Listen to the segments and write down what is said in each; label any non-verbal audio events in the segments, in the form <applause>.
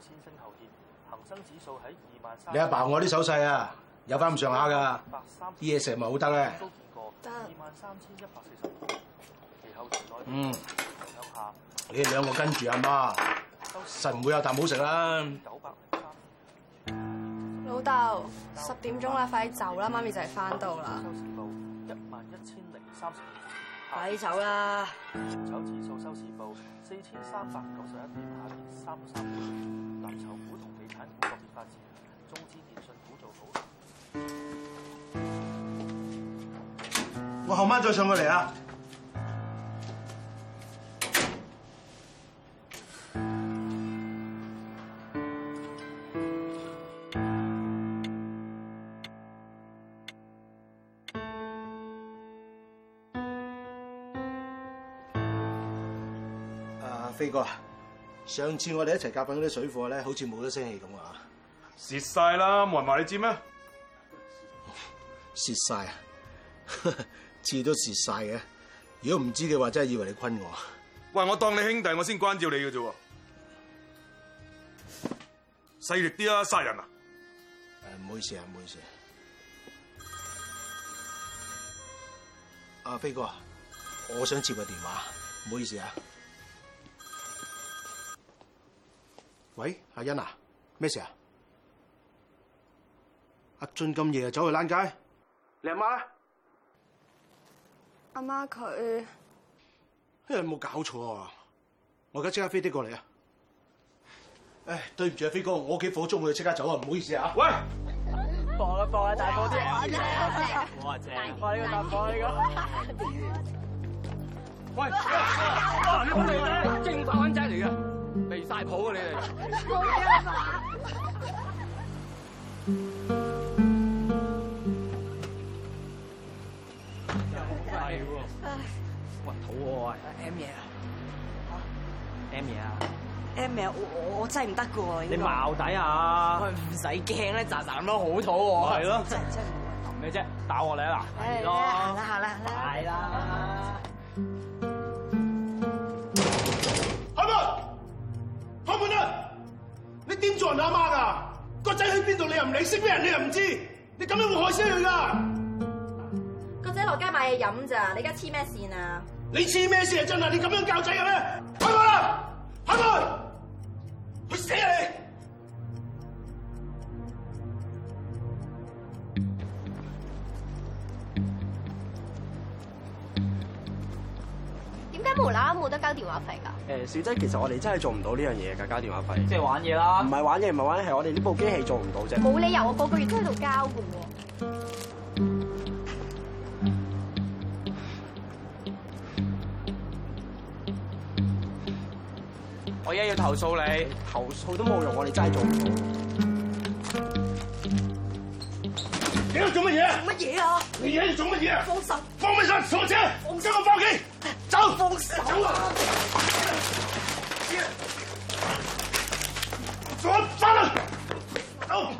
先升後跌，恒生指數喺二萬三。你阿爸我啲手勢 23 30 啊，有翻咁上下噶。啲嘢食唔係好得咧。得。二萬三千一百四十五。嗯。你哋兩個跟住阿媽，媽。食唔拾會有啖好食啦爸。九百零三。老豆，十點鐘啦，快走啦，媽咪就嚟翻到啦。一萬一千零三十。快走啦！深成指數收市報四千三百九十一點，下跌三點。藍籌股同地產股個別發展，中資電信股做好。我後晚再上過嚟啊！飛哥啊，上次我哋一齊夾緊嗰啲水貨咧，好似冇咗聲氣咁啊！蝕晒啦，冇人話你，你知咩？蝕晒啊，次都蝕晒嘅。如果唔知嘅話，真係以為你坤我。喂，我當你兄弟，我先關照你嘅啫。細力啲啊，殺人啊！唔好意思啊，唔好意思。阿飛哥，我想接個電話，唔好意思啊。喂，阿欣啊，咩事啊？阿俊咁夜走去攬街，你阿媽阿媽佢，有冇冇搞錯啊！我而家即刻飛啲過嚟啊！唉，對唔住啊，飛哥，我屋企火燭，我要即刻走啊！唔好意思啊。喂，放啊放啊，大波啲，我話正，我呢個大波呢個。喂，哇，你好嚟嘅，正牌穩仔嚟噶。離晒譜啊你哋。冇嘢啊嘛，又貴喎，我肚餓，Amy 啊，Amy 啊，Amy 我真係唔得噶，你矛底啊，唔使驚咧，咋咋咁好肚餓，係咯，咩啫，打我嚟啦，嚟啦，嚟啦，嚟啦！你點做人阿媽㗎？個仔去邊度你又唔理，識咩人你又唔知，你咁樣會害死佢㗎！個仔落街買嘢飲咋？你而家黐咩線啊？你黐咩線啊？真係你咁樣教仔嘅咩？開門！開門！去死啊你！無喇，冇得交電話費噶誒、欸，小姐，其實我哋真係做唔到呢樣嘢噶交電話費。即係玩嘢啦？唔係玩嘢，唔係玩嘢，係我哋呢部機器做唔到啫。冇理由我個個月都喺度交嘅喎。我而家要投訴你，投訴都冇用，我哋真係做唔到。你喺度做乜嘢啊？做乜嘢啊？你喺度做乜嘢啊？放手，放咩手坐車，放手我翻屋企。走，放手啊！走，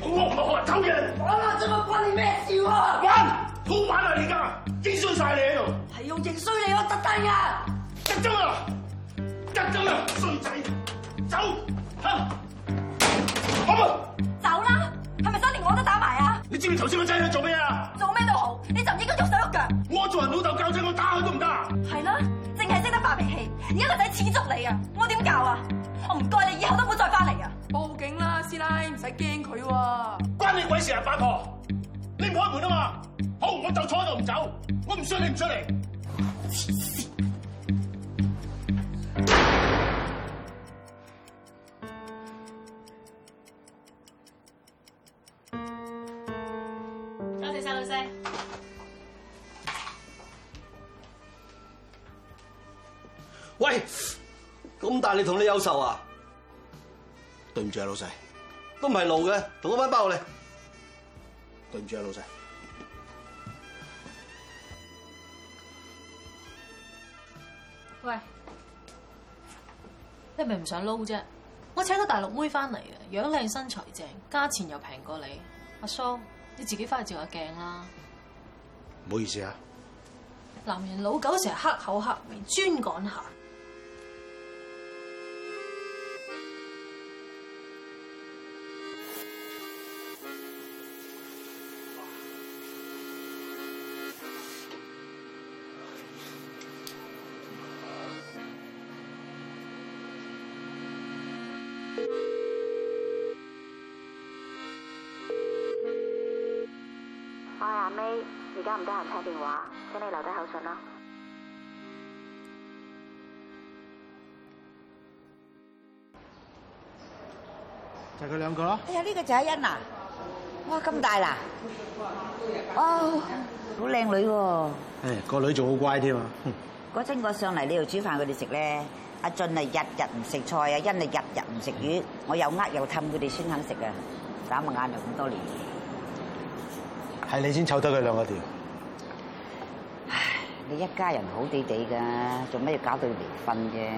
我唔係漢奸。我話，呢個關你咩事啊？玩，好玩啊！你而家，整衰晒你，係用整衰你我得低啊！集中啊，集中啊，信仔，走，吓，阿木，走啦，係咪連我都打埋啊？你知唔知頭先個仔去做咩啊？做咩都我睇始足你啊！我點教啊？我唔該你以後都唔好再翻嚟啊！報警啦，師奶，唔使驚佢喎。關你鬼事啊！八婆，你唔開門啊嘛？好，我就坐喺度唔走，我唔信你唔出嚟。黐線。你同你有仇啊？對唔住啊，老細，都唔係路嘅，同我翻包嚟。對唔住啊，老細。喂，你係咪唔想撈啫？我請咗大陸妹翻嚟啊，樣靚身材正，價錢又平過你。阿叔，你自己翻去照下鏡啦。唔好意思啊。男人老狗成日黑口黑面專趕客。得唔得閒聽電話？請你留低口信啦。就佢兩個咯。哎呀，呢個就阿欣啊！哇，咁大啦！哦，好靚女喎。誒，個女仲好乖添啊！嗰陣我上嚟，你度煮飯佢哋食咧。阿俊係，日日唔食菜啊，欣啊，日日唔食魚。我又呃又氹佢哋先肯食啊！眨埋眼就咁多年。係你先湊得佢兩個掂。你一家人好地地噶，做咩要搞到離婚啫？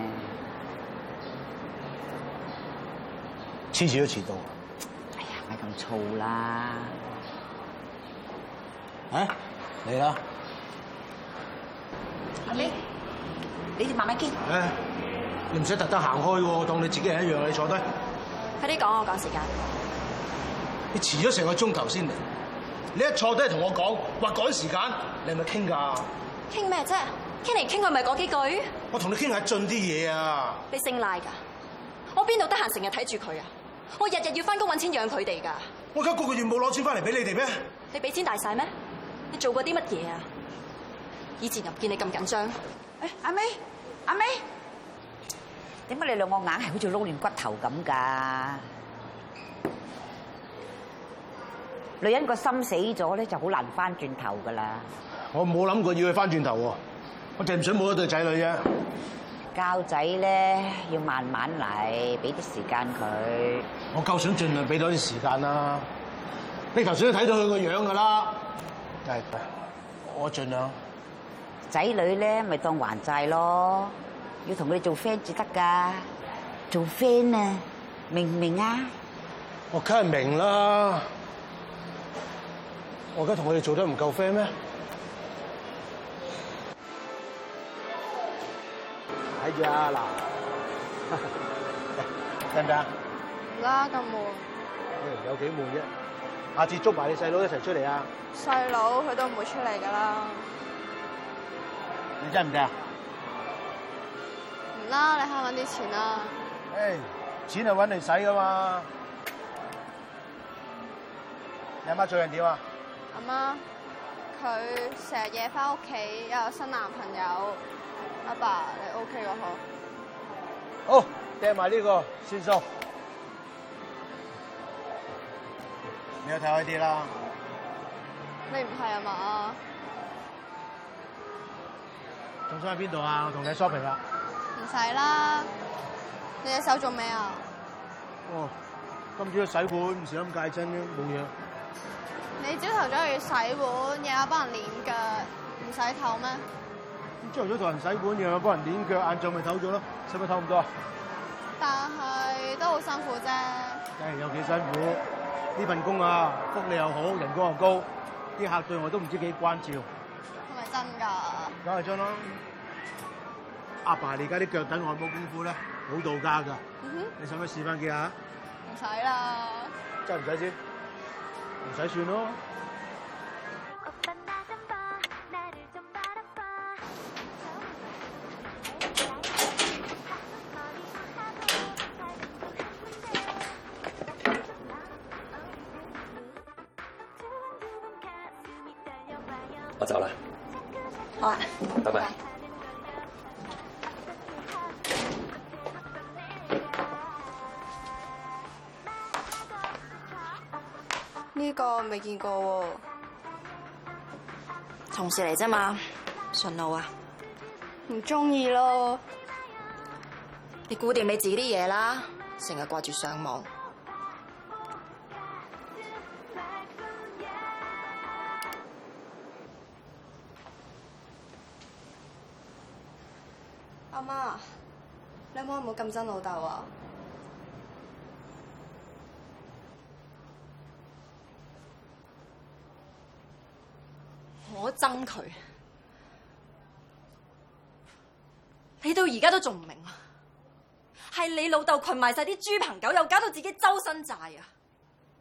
次次都遲到。哎呀，咪咁燥啦。嚇，嚟啦。阿 May，你哋慢慢傾。誒，你唔使特登行開喎，我當你自己人一樣，你坐低。快啲講，我趕時間。你遲咗成個鐘頭先嚟，你一坐低同我講話趕時間，你係咪傾㗎？傾咩啫？傾嚟傾去咪講幾句？我同你傾下盡啲嘢啊！你姓賴噶我邊度得閒成日睇住佢啊？我日日要翻工揾錢養佢哋噶我而家個個月冇攞錢翻嚟俾你哋咩？你俾錢大晒咩？你做過啲乜嘢啊？以前又見你咁緊張。哎，阿 May，阿 May，點解你兩個眼係好似撈亂骨頭咁噶女人個心死咗咧，就好難翻轉頭噶啦。我冇諗過要去翻轉頭喎，我淨係唔想冇咗對仔女啫。教仔咧，要慢慢嚟，俾啲時間佢。我夠想盡量俾多啲時間啦。你頭先都睇到佢個樣噶啦。但係，我盡量。仔女咧，咪當還債咯。要同佢哋做 friend 先得㗎，做 friend 啊，明唔明啊？我梗係明啦。我而家同佢哋做得唔夠 friend 咩？睇住啊，嗱，哎，得唔得？唔啦，咁悶。有幾悶啫。下次捉埋你細佬一齊出嚟啊！細佬佢都唔會出嚟噶啦。你真唔得？唔啦，你去揾啲錢啦。誒，錢係揾你使噶嘛？你阿媽做人點啊？阿媽，媽，佢成日夜翻屋企，又有新男朋友。阿爸，爸，你 OK 啊？好，掟埋呢個先數。你又睇開啲啦。你唔係啊嘛？仲想喺邊度啊？我同你 shopping 啦。唔使啦。你隻手做未啊？哦，今朝要洗碗，唔小心咁界親咁，冇嘢。你朝頭早去洗碗，又有幫人練腳，唔使唞咩？朝頭早同人洗碗，嘅，後幫人碾腳，眼晝咪唞咗咯，使乜唞咁多？但係都好辛苦啫。誒，有幾辛苦？呢份工啊，福利又好，人工又高，啲客對我都唔知幾關照。係咪真㗎？梗係真啦。阿爸，爸，你而家啲腳底按摩功夫咧，好到家㗎。哼、mm，hmm. 你使唔使試翻幾下？唔使啦。真係唔使先，唔使算咯。走了。好了，拜拜。呢拜拜 個未見過，同事嚟啫嘛，順路啊。唔中意咯，你顧掂你自己啲嘢啦，成日掛住上網。阿媽，你可唔可以唔好咁憎老豆啊？我憎佢，你到而家都仲唔明啊？係你老豆群埋晒啲豬朋狗友，又搞到自己周身債啊！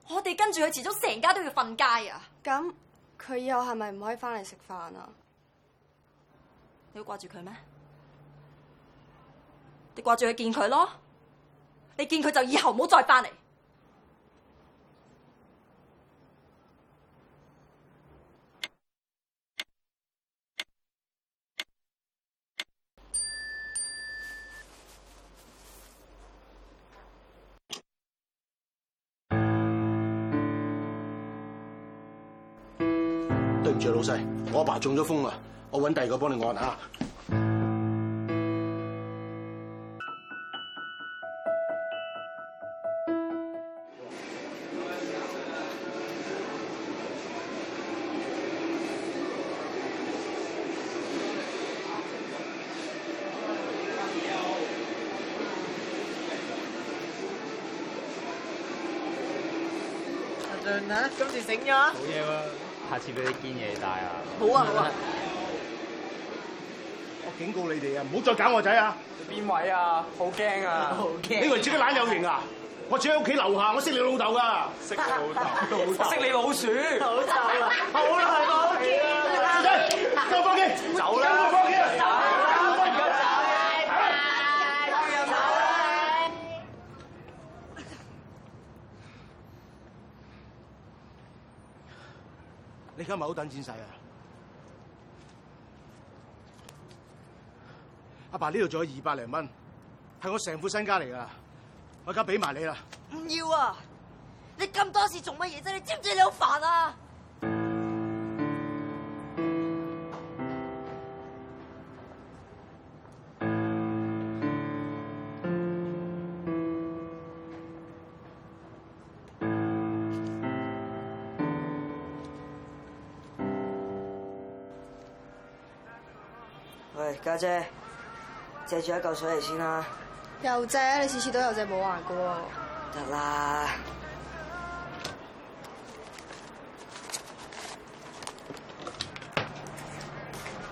我哋跟住佢，遲早成家都要瞓街啊！咁佢以後係咪唔可以翻嚟食飯啊？你會掛住佢咩？你掛住去見佢咯，你見佢就以後唔好再翻嚟。對唔住老細，我阿爸、爸中咗風啦，我揾第二個幫你按下。啊！ <music> 今次醒咗冇嘢喎，下次俾啲堅嘢帶啊！好啊好啊！我警告你哋啊，唔好再搞我仔啊！邊位啊？好驚啊！好驚！你以為自己懶有型啊？ <laughs> 我住喺屋企樓下，我識你老豆識你老豆㗎，識老豆爸，識你老鼠，好豆啦！好啦，好啦見，收翻機，走啦！你而家咪好等錢使啊！阿爸呢度仲有二百零蚊，係我成副身家嚟噶，我而家俾埋你啦！唔要啊！你咁多事做乜嘢啫？你知唔知你好煩啊？阿姐，借住一嚿水嚟先啦。又借？你次次都了喂有借冇還噶。得啦。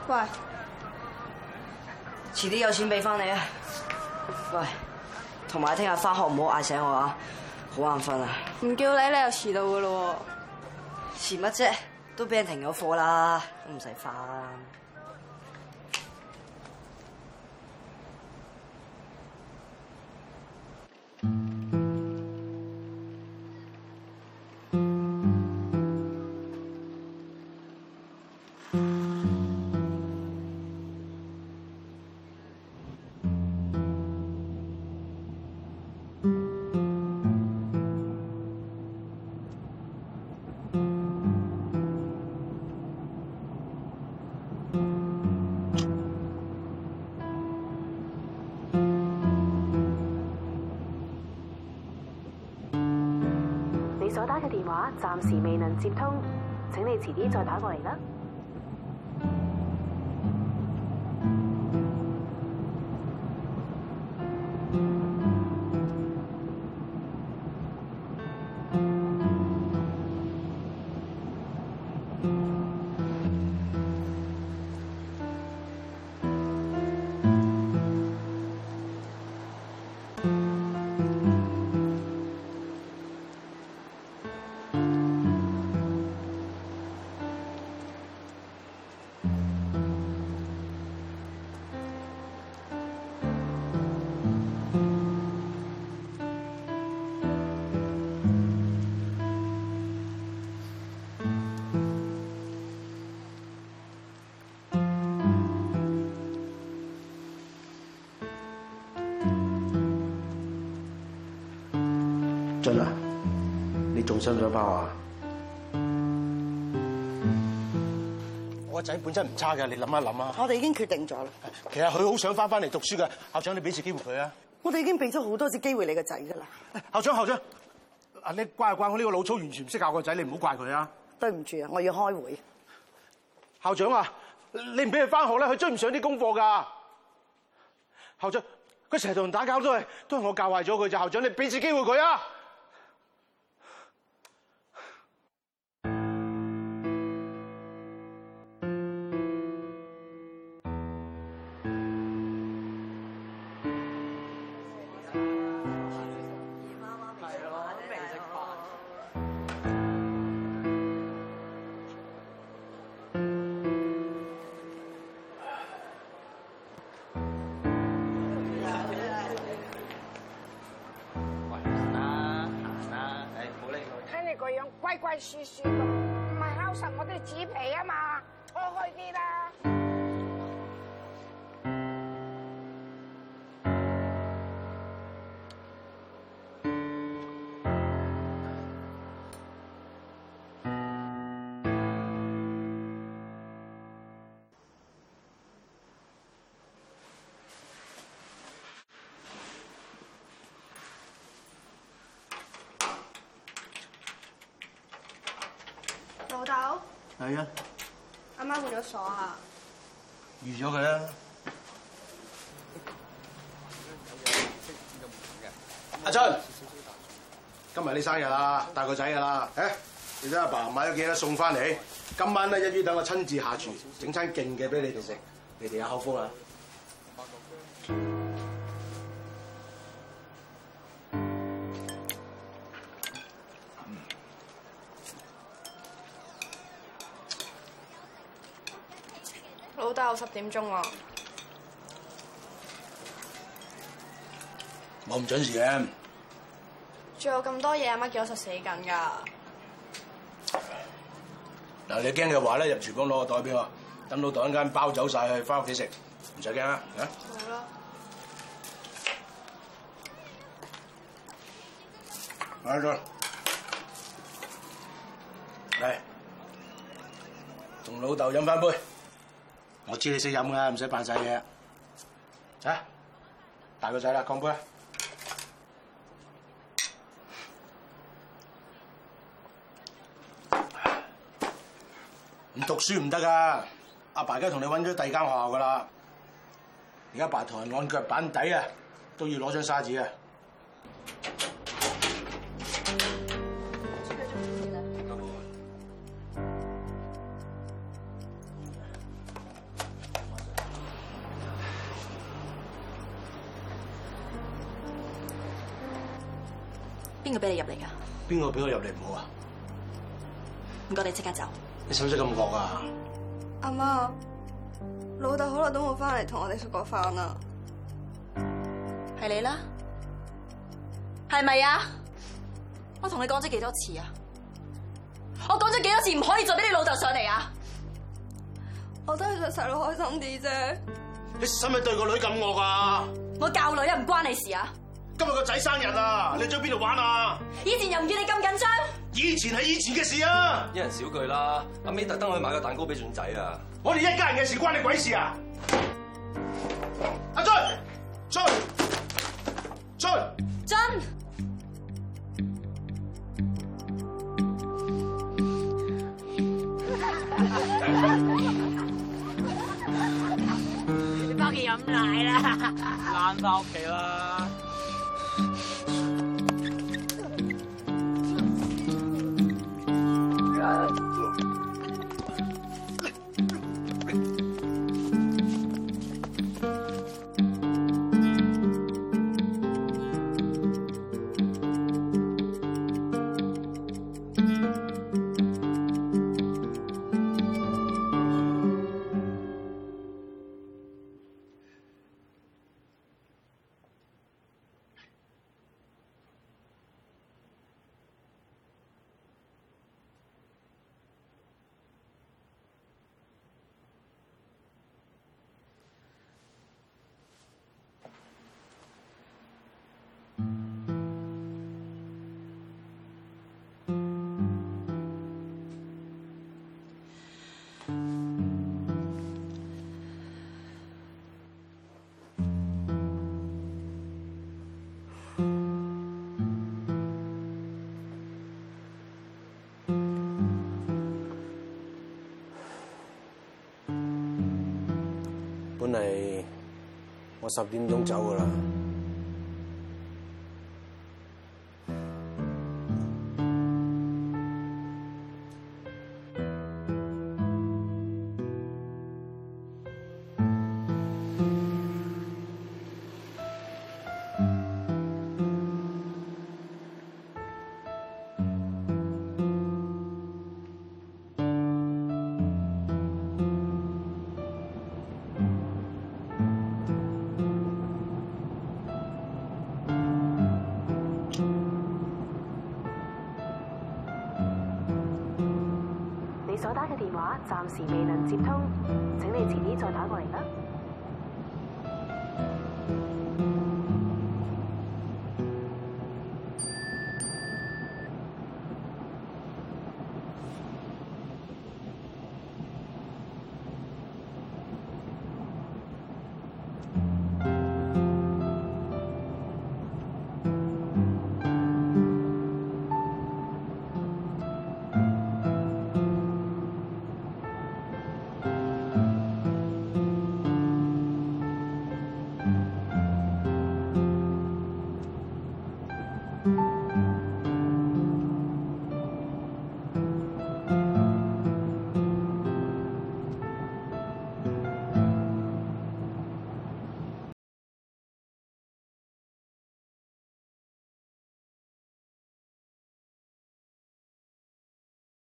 喂，遲啲有錢俾翻你啊。喂，同埋聽日翻學唔好嗌醒我啊，好眼瞓啊。唔叫你你又遲到噶咯！遲乜啫？都俾人停咗課啦，都唔使返。你所打嘅電話暫時未能接通，請你遲啲再打過嚟啦。俊啊！你仲想唔想翻學啊？我個仔本身唔差㗎，你諗一諗啊！我哋已經決定咗啦。其實佢好想翻翻嚟讀書噶，校長你俾次機會佢啊！我哋已經俾咗好多次機會你個仔噶啦。校長，校長，啊！你怪怪我呢個老粗，完全唔識教個仔，你唔好怪佢啊！對唔住啊，我要開會。校長啊，你唔俾佢翻學咧，佢追唔上啲功課噶。校長，佢成日同人打交都係都係我教壞咗佢，就校長你俾次機會佢啊！個樣乖乖兮兮咁，唔係敲實我啲紙皮啊嘛！係啊！阿媽開咗鎖啊！預咗佢啦！阿俊，今日你生日啦，的大個仔㗎啦！誒的，你睇阿爸，爸買咗幾多餸翻嚟？的今晚咧一於等我親自下廚，整餐勁嘅俾你哋食，嗯、你哋有口福啦！十點鐘喎，我冇咁準時嘅，仲有咁多嘢啊媽，叫我食死緊噶？嗱，你驚嘅話咧，入廚房攞個袋俾我，等老豆一陣間包走晒去，翻屋企食，唔使驚啦，吓。好啦，係啊，嚟，同老豆飲翻杯。我知你識飲噶，唔使扮晒嘢。啊，大個仔啦，乾杯！唔 <laughs> 讀書唔得噶，阿爸而家同你揾咗第二間學校噶啦。而家白台按腳板底啊，都要攞張沙紙啊。邊個俾你入嚟噶？邊個俾我入嚟唔好啊？唔該，你即刻走。你使唔使咁惡啊？阿媽，老豆好耐都冇翻嚟同我哋食過飯啦，係你啦，係咪啊？我同你講咗幾多次啊？我講咗幾多次唔可以再俾你老豆上嚟啊？我都係想細佬開心啲啫。你使唔使對個女咁惡啊？我教女唔關你事啊！今日個仔生日啊！你去咗邊度玩啊？以前又唔見你咁緊張。以前係以前嘅事啊！一人少句啦，阿 May 特登去買個蛋糕俾俊仔啊！我哋一家人嘅事關你鬼事啊！阿俊 Jim? <laughs> 俊， <laughs> 俊，俊。你翻去飲奶啦！翻翻屋企啦！嚟，我十點鐘走噶啦。暫時未能接通，請你遲啲再打。